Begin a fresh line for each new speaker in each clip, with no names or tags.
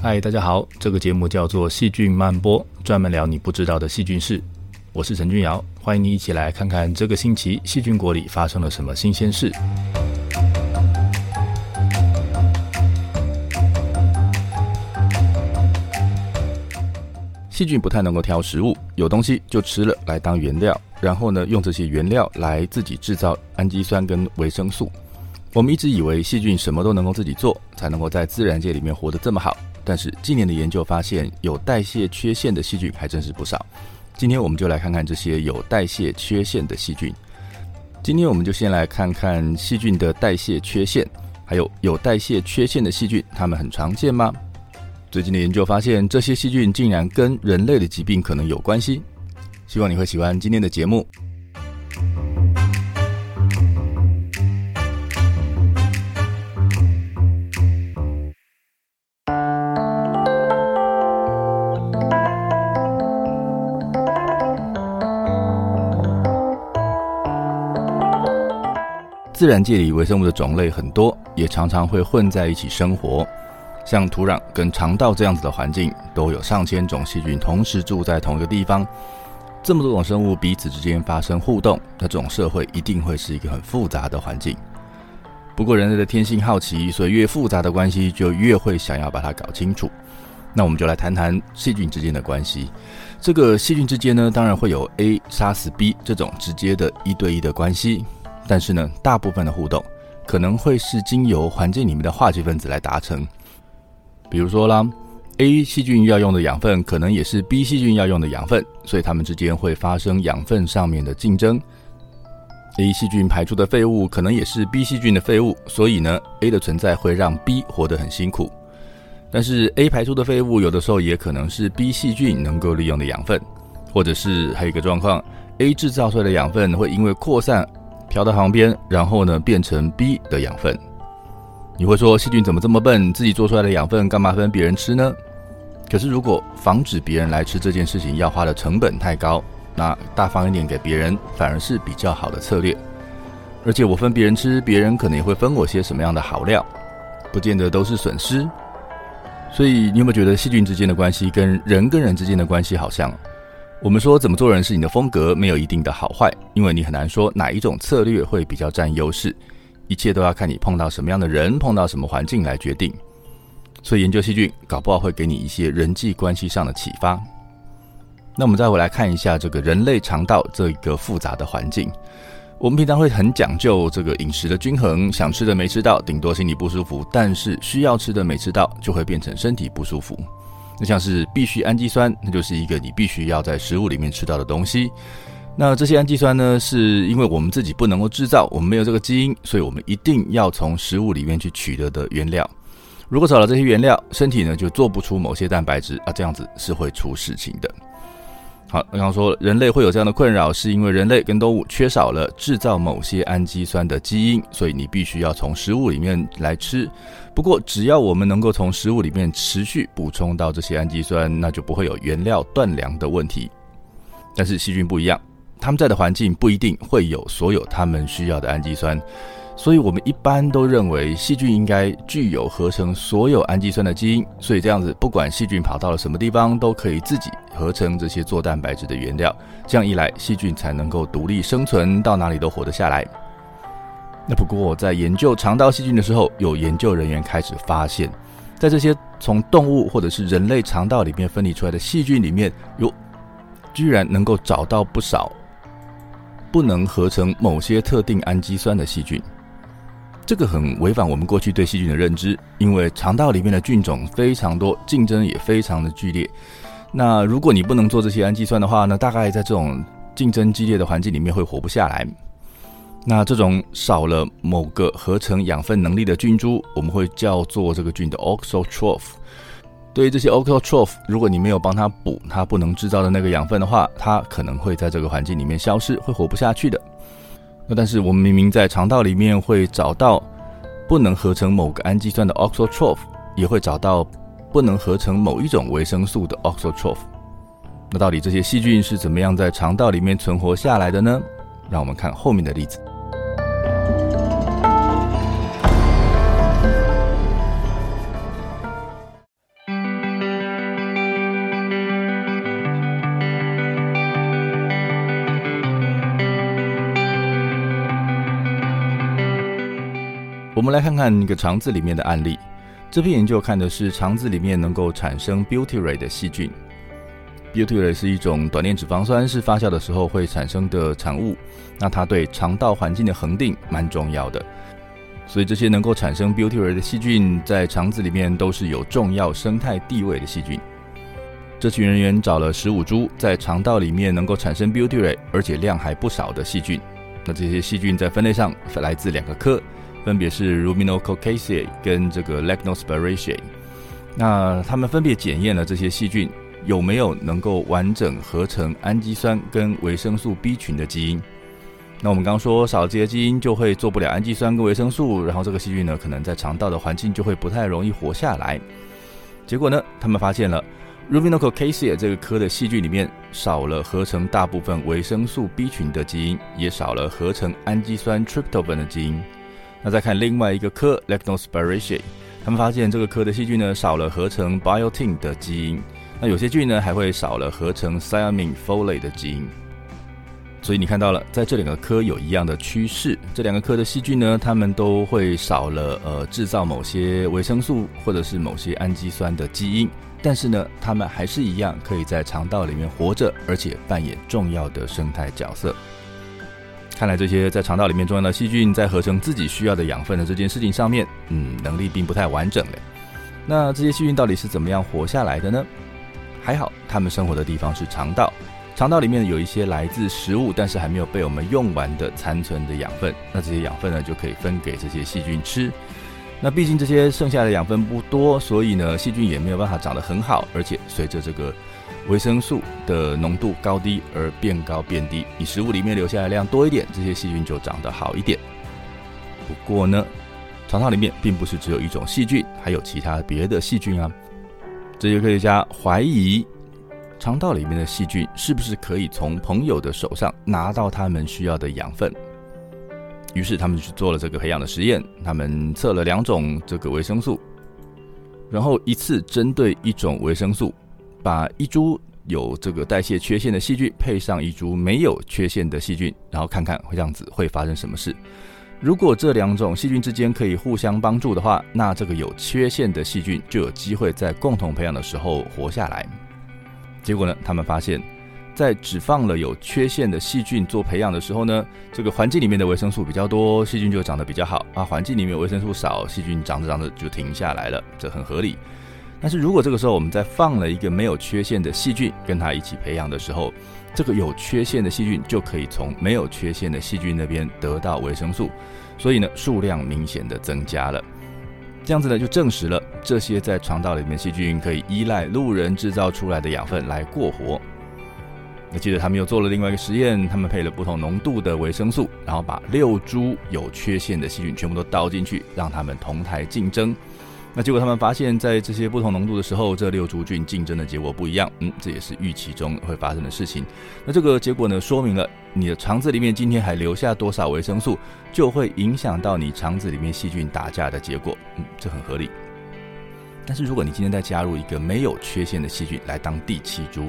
嗨，Hi, 大家好！這個節目叫做《細菌曼波》，專門聊你不知道的細菌事。我是陳俊堯，歡迎你一起來看看這個星期細菌國裡發生了什麼新鮮事。細菌不太能夠挑食物，有東西就吃了，來當原料。然後呢，用這些原料來自己制造氨基酸跟維生素。我們一直以為細菌什麼都能夠自己做，才能夠在自然界裡面活得這麼好。但是，近年的研究發現，有代謝缺陷的細菌還真是不少。今天我們就來看看這些有代謝缺陷的細菌。今天我們就先來看看細菌的代謝缺陷，還有有代謝缺陷的細菌，它們很常見嗎？最近的研究發現，這些細菌竟然跟人類的疾病可能有關係。希望你會喜歡今天的節目。自然界裡微生物的種類很多，也常常會混在一起生活。像土壤跟腸道這樣子的環境，都有上千種細菌同時住在同一個地方。這麼多種生物彼此之間發生互動，那這種社會一定會是一個很複雜的環境。不過人類的天性好奇，所以越複雜的關係就越會想要把它搞清楚。那我們就來談談細菌之間的關係。這個細菌之間呢，當然會有 A 殺死 B 這種直接的一對一的關係。但是呢，大部分的互動可能會是經由環境裡面的化學分子來達成。比如說啦，A 細菌要用的養分，可能也是 B 細菌要用的養分，所以它們之間會發生養分上面的競爭。A 細菌排出的廢物，可能也是 B 細菌的廢物，所以呢，A 的存在會讓 B 活得很辛苦。但是 A 排出的廢物，有的時候也可能是 B 細菌能夠利用的養分，或者是還有一個狀況，A 製造出來的養分會因為擴散。飄到旁邊，然後呢，變成 B 的養分。你會說細菌怎麼這麼笨，自己做出來的養分幹嘛分別人吃呢？可是如果防止別人來吃這件事情要花的成本太高，那大方一點給別人反而是比較好的策略。而且我分別人吃，別人可能也會分我些什麼樣的好料，不見得都是損失。所以你有沒有覺得細菌之間的關係跟人跟人之間的關係好像？我們說怎麼做人是你的風格，沒有一定的好壞，因為你很難說哪一種策略會比較佔優勢，一切都要看你碰到什麼樣的人，碰到什麼環境來決定。所以研究細菌，搞不好會給你一些人際關係上的啟發。那我們再回來看一下這個人類腸道這一個複雜的環境。我們平常會很講究這個飲食的均衡，想吃的沒吃到，頂多心裡不舒服；但是需要吃的沒吃到，就會變成身體不舒服。那像是必需氨基酸，那就是一個你必須要在食物裡面吃到的東西。那這些氨基酸呢，是因為我們自己不能夠製造，我們沒有這個基因，所以我們一定要從食物裡面去取得的原料。如果少了這些原料，身體呢就做不出某些蛋白質啊，這樣子是會出事情的。好，剛剛說人類會有這樣的困擾，是因為人類跟動物缺少了製造某些氨基酸的基因，所以你必須要從食物裡面來吃。不過，只要我們能夠從食物裡面持續補充到這些氨基酸，那就不會有原料斷糧的問題。但是細菌不一樣，他們在的環境不一定會有所有他們需要的氨基酸。所以，我們一般都認為細菌應該具有合成所有氨基酸的基因，所以這樣子，不管細菌跑到了什麼地方，都可以自己合成這些做蛋白質的原料。這樣一來，細菌才能夠獨立生存，到哪裡都活得下來。那不過，在研究腸道細菌的時候，有研究人員開始發現，在這些從動物或者是人類腸道裡面分離出來的細菌裡面，有居然能夠找到不少不能合成某些特定氨基酸的細菌。這個很違反我們過去對細菌的認知，因為腸道裡面的菌種非常多，競爭也非常的劇烈。那如果你不能做這些氨基酸的話呢，大概在這種競爭激烈的環境裡面會活不下來。那這種少了某個合成養分能力的菌株，我們會叫做這個菌的 auxotroph。對於這些 auxotroph，如果你沒有幫它補它不能制造的那個養分的話，它可能會在這個環境裡面消失，會活不下去的。但是我們明明在腸道裡面會找到不能合成某個氨基酸的 o x o t r o p h，也會找到不能合成某一種維生素的 o x o t r o p h，那到底這些細菌是怎麼樣在腸道裡面存活下來的呢？讓我們看後面的例子。我們來看看一個腸子裡面的案例。這篇研究看的是腸子裡面能夠產生 butyrate 的細菌。butyrate 是一種短鏈脂肪酸，是發酵的時候會產生的產物。那它對腸道環境的恆定蠻重要的。所以這些能夠產生 butyrate 的細菌，在腸子裡面都是有重要生態地位的細菌。這群人員找了十五株在腸道裡面能夠產生 butyrate，而且量還不少的細菌。那這些細菌在分類上分來自兩個科。分別是 Ruminococcaceae 跟這個 Lachnospiraceae，那他們分別檢驗了這些細菌有沒有能夠完整合成氨基酸跟維生素 B 群的基因。那我們剛剛說，少了這些基因就會做不了氨基酸跟維生素，然後這個細菌呢，可能在腸道的環境就會不太容易活下來。結果呢，他們發現了 Ruminococcaceae 這個科的細菌裡面少了合成大部分維生素 B 群的基因，也少了合成氨基酸 tryptophan 的基因。那再看另外一個科 Lachnospiraceae，他們發現這個科的細菌呢，少了合成 biotin 的基因，那有些菌呢還會少了合成 thiamine folate 的基因。所以你看到了，在這兩個科有一樣的趨勢，這兩個科的細菌呢，它們都會少了呃製造某些維生素或者是某些氨基酸的基因，但是呢，它們還是一樣可以在腸道裡面活着，而且扮演重要的生態角色。看來這些在腸道裡面重要的細菌，在合成自己需要的養分的這件事情上面，嗯，能力並不太完整耶。那這些細菌到底是怎麼樣活下來的呢？還好，牠們生活的地方是腸道，腸道裡面有一些來自食物，但是還沒有被我們用完的殘存的養分，那這些養分呢，就可以分給這些細菌吃。那畢竟這些剩下的養分不多，所以呢，細菌也沒有辦法長得很好。而且隨着這個維生素的濃度高低而變高變低，你食物裡面留下的量多一點，這些細菌就長得好一點。不過呢，腸道裡面並不是只有一種細菌，還有其他別的細菌啊。這些科學家懷疑，腸道裡面的細菌是不是可以從朋友的手上拿到他們需要的養分？於是他們去做了這個培養的實驗，他們測了兩種這個維生素，然後一次針對一種維生素，把一株有這個代謝缺陷的細菌配上一株沒有缺陷的細菌，然後看看會這樣子會發生什麼事。如果這兩種細菌之間可以互相幫助的話，那這個有缺陷的細菌就有機會在共同培養的時候活下來。結果呢，他們發現。在只放了有缺陷的細菌做培養的時候呢，這個環境裡面的維生素比較多，細菌就長得比較好啊。環境裡面的維生素少，細菌長着長着就停下來了，這很合理。但是如果這個時候我們再放了一個沒有缺陷的細菌，跟它一起培養的時候，這個有缺陷的細菌就可以從沒有缺陷的細菌那邊得到維生素，所以呢數量明顯的增加了。這樣子呢就證實了這些在腸道裡面細菌可以依賴路人制造出來的養分來過活。那接着他們又做了另外一個實驗，他們配了不同濃度的維生素，然後把六株有缺陷的細菌全部都倒進去，讓他們同台競爭。那結果他們發現，在這些不同濃度的時候，這六株菌競爭的結果不一樣。嗯，這也是預期中會發生的事情。那這個結果呢，說明了你的腸子裡面今天還留下多少維生素，就會影響到你腸子裡面細菌打架的結果。嗯，這很合理。但是如果你今天再加入一個沒有缺陷的細菌來當第七株，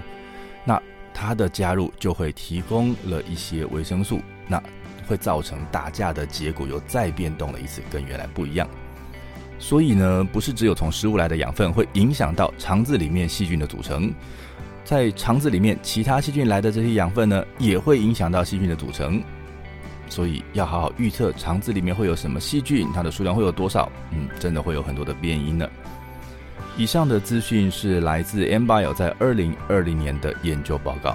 那它的加入就會提供了一些維生素，那會造成打架的結果又再變動了一次，跟原來不一樣。所以呢，不是只有從食物來的養分會影響到腸子裡面細菌的組成，在腸子裡面其他細菌來的這些養分呢，也會影響到細菌的組成。所以要好好預測腸子裡面會有什麼細菌，它的數量會有多少。嗯，真的會有很多的變因呢。以上的資訊是來自 mBio 在二零二零年的研究報告。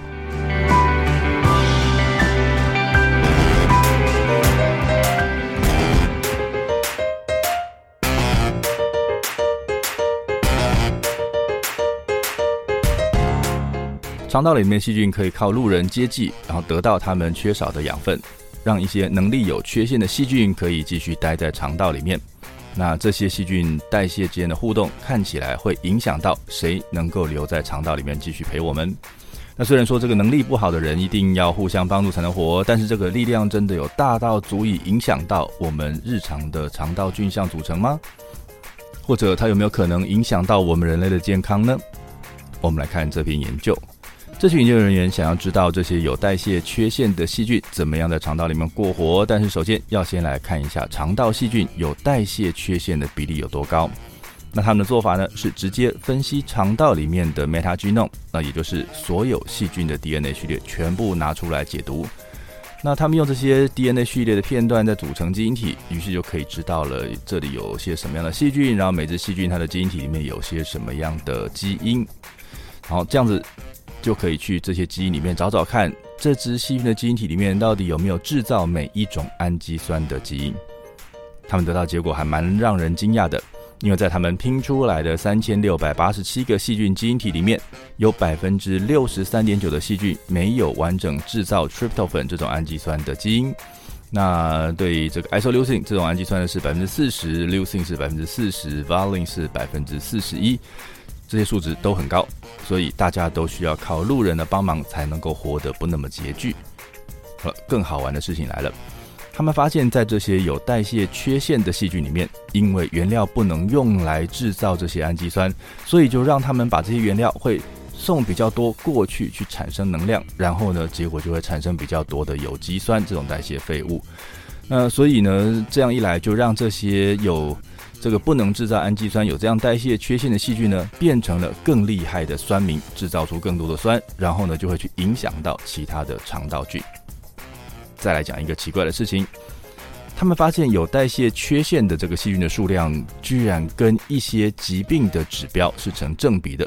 腸道裡面細菌可以靠路人接濟，然後得到他們缺少的養分，讓一些能力有缺陷的細菌可以繼續待在腸道裡面。那這些細菌代謝之間的互動看起來會影響到誰能夠留在腸道裡面繼續陪我們？那雖然說這個能力不好的人一定要互相幫助才能活，但是這個力量真的有大到足以影響到我們日常的腸道菌相組成嗎？或者它有沒有可能影響到我們人類的健康呢？我們來看這篇研究。這群研究人員想要知道這些有代謝缺陷的細菌怎麼樣在腸道裡面過活，但是首先要先來看一下腸道細菌有代謝缺陷的比例有多高。那他們的做法呢，是直接分析腸道裡面的 meta genome，那也就是所有細菌的 DNA 序列全部拿出來解讀。那他們用這些 DNA 序列的片段在組成基因體，於是就可以知道了這裡有些什麼樣的細菌，然後每隻細菌它的基因體裡面有些什麼樣的基因，然後這樣子。就可以去這些基因裡面找找看，這隻細菌的基因體裡面到底有沒有製造每一種氨基酸的基因？他們得到的結果還蠻讓人驚訝的，因為在他們拼出來的三千六百八十七個細菌基因體裡面，有百分之六十三點九的細菌沒有完整製造 tryptophan 這種氨基酸的基因。那對於這個 isoleucine 這種氨基酸呢，是百分之四十，leucine 是百分之四十，valine 是百分之四十一。這些數值都很高，所以大家都需要靠路人的幫忙才能夠活得不那麼拮據。好了，更好玩的事情來了，他們發現，在這些有代謝缺陷的細菌裡面，因為原料不能用來制造這些氨基酸，所以就讓他們把這些原料會送比較多過去去產生能量，然後呢，結果就會產生比較多的有機酸這種代謝廢物。那所以呢，這樣一來就讓這些有這個不能製造氨基酸，有這樣代謝缺陷的細菌呢，變成了更厲害的酸民，製造出更多的酸，然後呢就會去影響到其他的腸道菌。再來講一個奇怪的事情，他們發現有代謝缺陷的這個細菌的數量，居然跟一些疾病的指標是成正比的。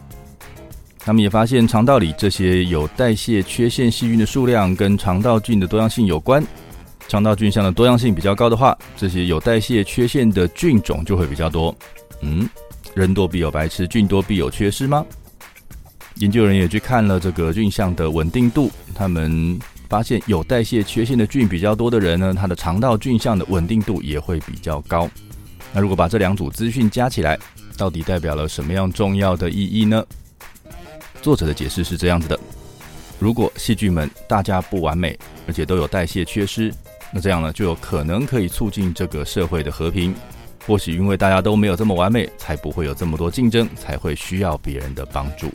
他們也發現，腸道裡這些有代謝缺陷細菌的數量跟腸道菌的多樣性有關。腸道菌相的多樣性比較高的話，這些有代謝缺陷的菌種就會比較多。嗯，人多必有白痴，菌多必有缺失嗎？研究人員也去看了這個菌相的穩定度，他們發現有代謝缺陷的菌比較多的人呢，他的腸道菌相的穩定度也會比較高。那如果把這兩組資訊加起來，到底代表了什麼樣重要的意義呢？作者的解釋是這樣子的：如果細菌們大家不完美，而且都有代謝缺失，那這樣呢就有可能可以促進這個社會的和平。或許因為大家都沒有這麼完美，才不會有這麼多競爭，才會需要別人的幫助。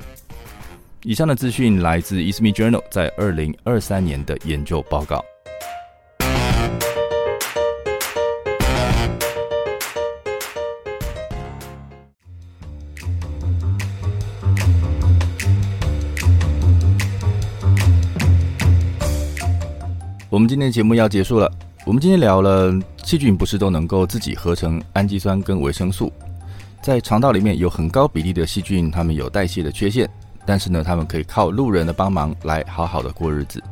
以上的資訊來自《ISME Journal》在二零二三年的研究報告。我們今天的節目要結束了。我們今天聊了細菌不是都能夠自己合成氨基酸跟維生素，在腸道裡面有很高比例的細菌，它們有代謝的缺陷，但是呢，它們可以靠路人的幫忙來好好的過日子。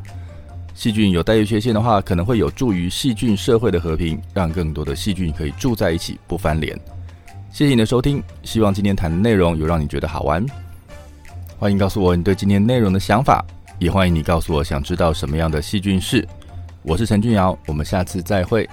細菌有代謝缺陷的話，可能會有助於細菌社會的和平，讓更多的細菌可以住在一起不翻臉。謝謝你的收聽，希望今天談的內容有讓你覺得好玩。歡迎告訴我你對今天內容的想法，也歡迎你告訴我想知道什麼樣的細菌是。我是陳俊堯，我們下次再會。